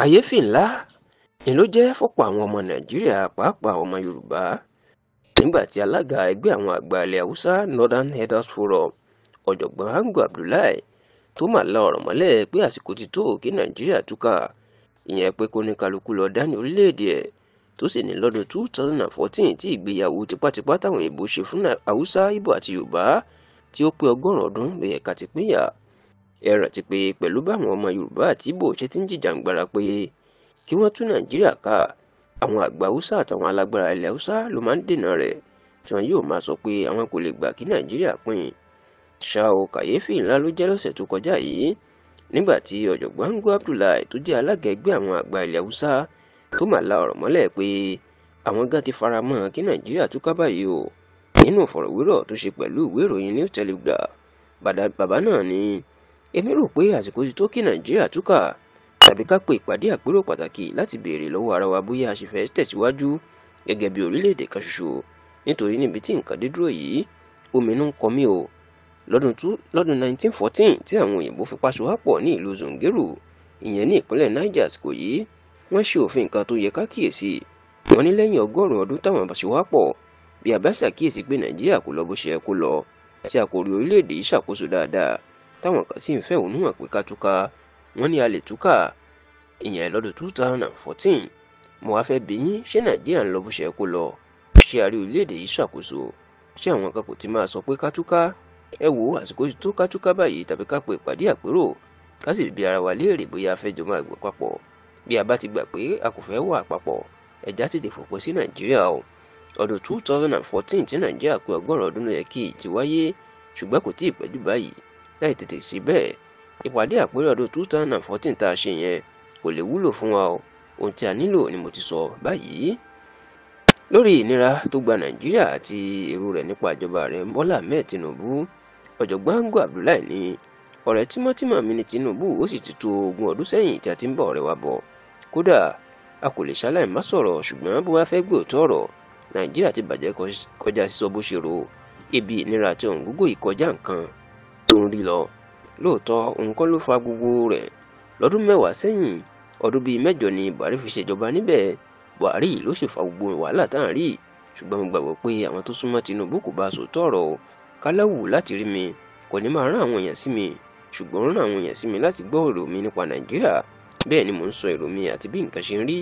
kàyéfì ńlá ni ló jẹ́ fọ́pọ̀ àwọn ọmọ nàìjíríà pàápàá ọmọ yorùbá nígbà tí alága ẹgbẹ́ àwọn àgbà ilẹ̀ haúsá northern elders forum ọ̀jọ̀gbọ́n ango abdullahi tó mà la ọ̀rọ̀ mọ́lẹ̀ pé àsìkò ti tó kí nàìjíríà túká ìyẹn pé kó ní kálukú lọ dání orílẹ̀-èdè ẹ̀ tó sì ní lọ́dún two thousand and fourteen tí ìgbéyàwó tipátipá táwọn èèbó ṣe fún haúsá ibo àti yorùbá tí ó pé ọgọ́rùn-ún ọdún ló yẹ ká ti pínyà ẹ rántí pé pẹ̀lú báwọn ọmọ yorùbá àti ibo ṣe ti ń jìjàǹgbara pé kí wọ́n tún nàìjíríà ká àwọn àgbà haúsá àtàwọn alágbára ilẹ̀ haúsá ló máa ń dènà rẹ̀ tí wọn yóò máa sọ pé àwọn kò lè gbà kí nàìjíríà pín ṣá o kàyéfì ńlá ló jẹ́ lọ́sẹ̀ tó kọjá yìí nígbà tí ọ̀jọ̀gbọ́n ngo abdullahi tó jẹ́ alága ẹgbẹ́ àwọn àgbà ilẹ̀ haúsá tó mà la ọ̀rọ̀ mọ́lẹ̀ pé àwọn gan ti fara mọ́ kí nàìjíríà túká báyìí o nínú ìfọ̀rọ̀wérọ̀ tó ṣe pẹ̀lú ìwé ìròyìn new telegraph bàbá náà ni èmi rò pé àsìkò ti tó kí nàìjíríà túkà tàbí ká pe ìpàdé àpérò pàtàkì láti béèrè lọ́wọ́ ara wa bóyá a ṣe fẹ́ tẹ̀síwájú gẹ́gẹ́ bí orílẹ̀-èdè kan ṣoṣo nítorí níbi tí nǹkan dé dúró yìí omi inú ń kọ mí o lọ́dún tú lọ́dún 1914 tí àwọn òyìnbó fipá sowápọ̀ ní ìlú zungeru ìyẹn ní ìpínlẹ̀ niger àsìkò yìí wọ́n ṣe òfin kan tó yẹ ká kíyèsí wọ́n ní lẹ́yìn ọgọ́rùn-ún ọdún táwọn bá sowápọ̀ bí a bá ṣàkíyèsí pé nàìjíríà kò lọ bó ṣe yẹ kó lọ tí a kò rí orílẹ̀-èdè yìí ṣàkóso dáadáa táwọn kan sì ń fẹ̀hónú hàn pé ká túká wọ́n ní a lè túká ìyẹn lọ́dún two thousand and fourteen mo wá fẹ́ bi yín ṣé nàìjíríà ń lọ bó ṣe kó lọ ṣé àrí orílẹ̀-èdè yìí ṣàkóso ṣé àwọn kan kò ti máa sọ pé ká túká ẹ wo àsìkò tó ká túká báyìí tàbí ká pe ìpàdé àpérò ká sì bi ara wa léèrè bóyá fẹ́ jọ máa gbé papọ̀ bí a bá ti gbà pé a kò fẹ́ wà papọ̀ ẹ̀já ti dè fòpin sí nàìjíríà o ọdún two thousand and fourteen tí nàìjíríà pé ọgọ́rùn-ún ọdún ló yẹ kí ì ti wáyé ṣùgbọ́n kò tí ì pẹ́ jù báyìí láì tètè sí bẹ́ẹ̀ ìpàdé àpérò ọdún two thousand and fourteen tá a ṣe yẹn kò lè wúlò fún wa o ohun tí a nílò ni mo ti sọ báyìí lórí ìnira tó gba nàìjíríà àti èrò rẹ̀ nípa ìjọba rẹ̀ bọ́lá ahmed tinubu ọ̀jọ̀gbọ́n ango abdullahi ni ọ̀rẹ́ tímọ́tímọ́ mi ni tinubu ó sì ti tó ogún ọdún sẹ́yìn tí a ti ń bá ọ̀rẹ́ wa bọ̀ kódà a kò lè ṣaláì má sọ̀rọ̀ ṣùgbọ́n bó bá fẹ́ gbé òótọ́ ọ̀rọ̀ nàìjíríà ti bàjẹ́ kọjá sísọ bó ṣe rò ibi ìnira àti òǹgógó ìkọjá nǹkan tó ń rí lọ lóòótọ́ òun ló fa gbogbo rẹ̀ lọ́dún mẹ́wàá sẹ́yìn ọdún bíi mẹ́jọ ni buhari fi ṣèjọba níbẹ̀ buhari ló sì fa gbogbo wàhálà tá à ń rí ṣùgbọ́n mo gbàgbọ́ pé àwọn tó súnmọ́ tinubu kò bá sòótọ́ ọ̀rọ̀ kálẹ́wù láti rí mi kò ní máa rán àwọn èèyàn sí mi ṣùgbọ́n rán àwọn èèyàn sí mi láti gbọ́ èrò mi nípa nàìjíríà bẹ́ẹ̀ ni mò ń sọ èrò mi àti bí nǹkan ṣe ń rí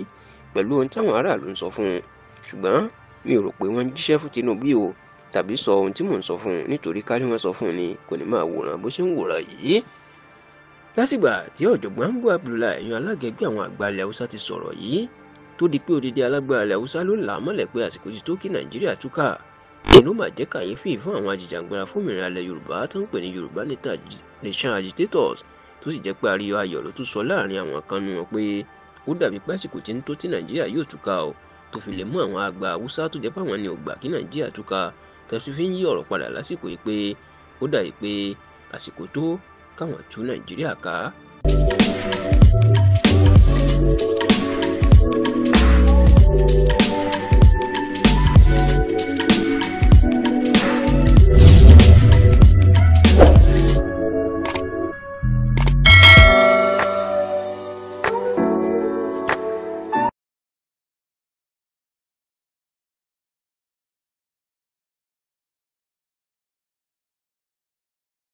pẹ̀lú ohun táwọn aráàlú ń sọ fún un ṣùgbọ́n mi ò rò pé wọ́n jíṣẹ́ fún tinubu o tàbí sọ ohun tí mò ń sọ fún un nítorí kárí sọ fún un ni kò ní máa wòran bó ṣe ń wòran yìí. lásìgbà tí ọ̀jọ̀gbọ́n Ango Abdullahi ẹ̀yàn alága ẹgbẹ́ àwọn àgbà ilẹ̀ haúsá ti sọ̀rọ̀ yìí tó di pé odidi alágbára ilẹ̀ haúsá ló ń là á mọ́lẹ̀ pé àsìkò ti tó kí nàìjíríà túká ìlú máa jẹ́ kàyéfì fún àwọn ajìjàngbara fúnmìnira ilẹ̀ yorùbá tó ń pè ní yorùbá nation agitators tó sì jẹ́ pé àríyọ ayọ̀ ló tún sọ láàrin àwọn fi lè mú àwọn àgbà haúsá tó jẹ́ pé àwọn ni ò gbà kí nàìjíríà túká tó fi fi ń yí ọ̀rọ̀ padà lásìkò yìí pé ó dà yìí pé àsìkò tó káwọn tú nàìjíríà ká. thank you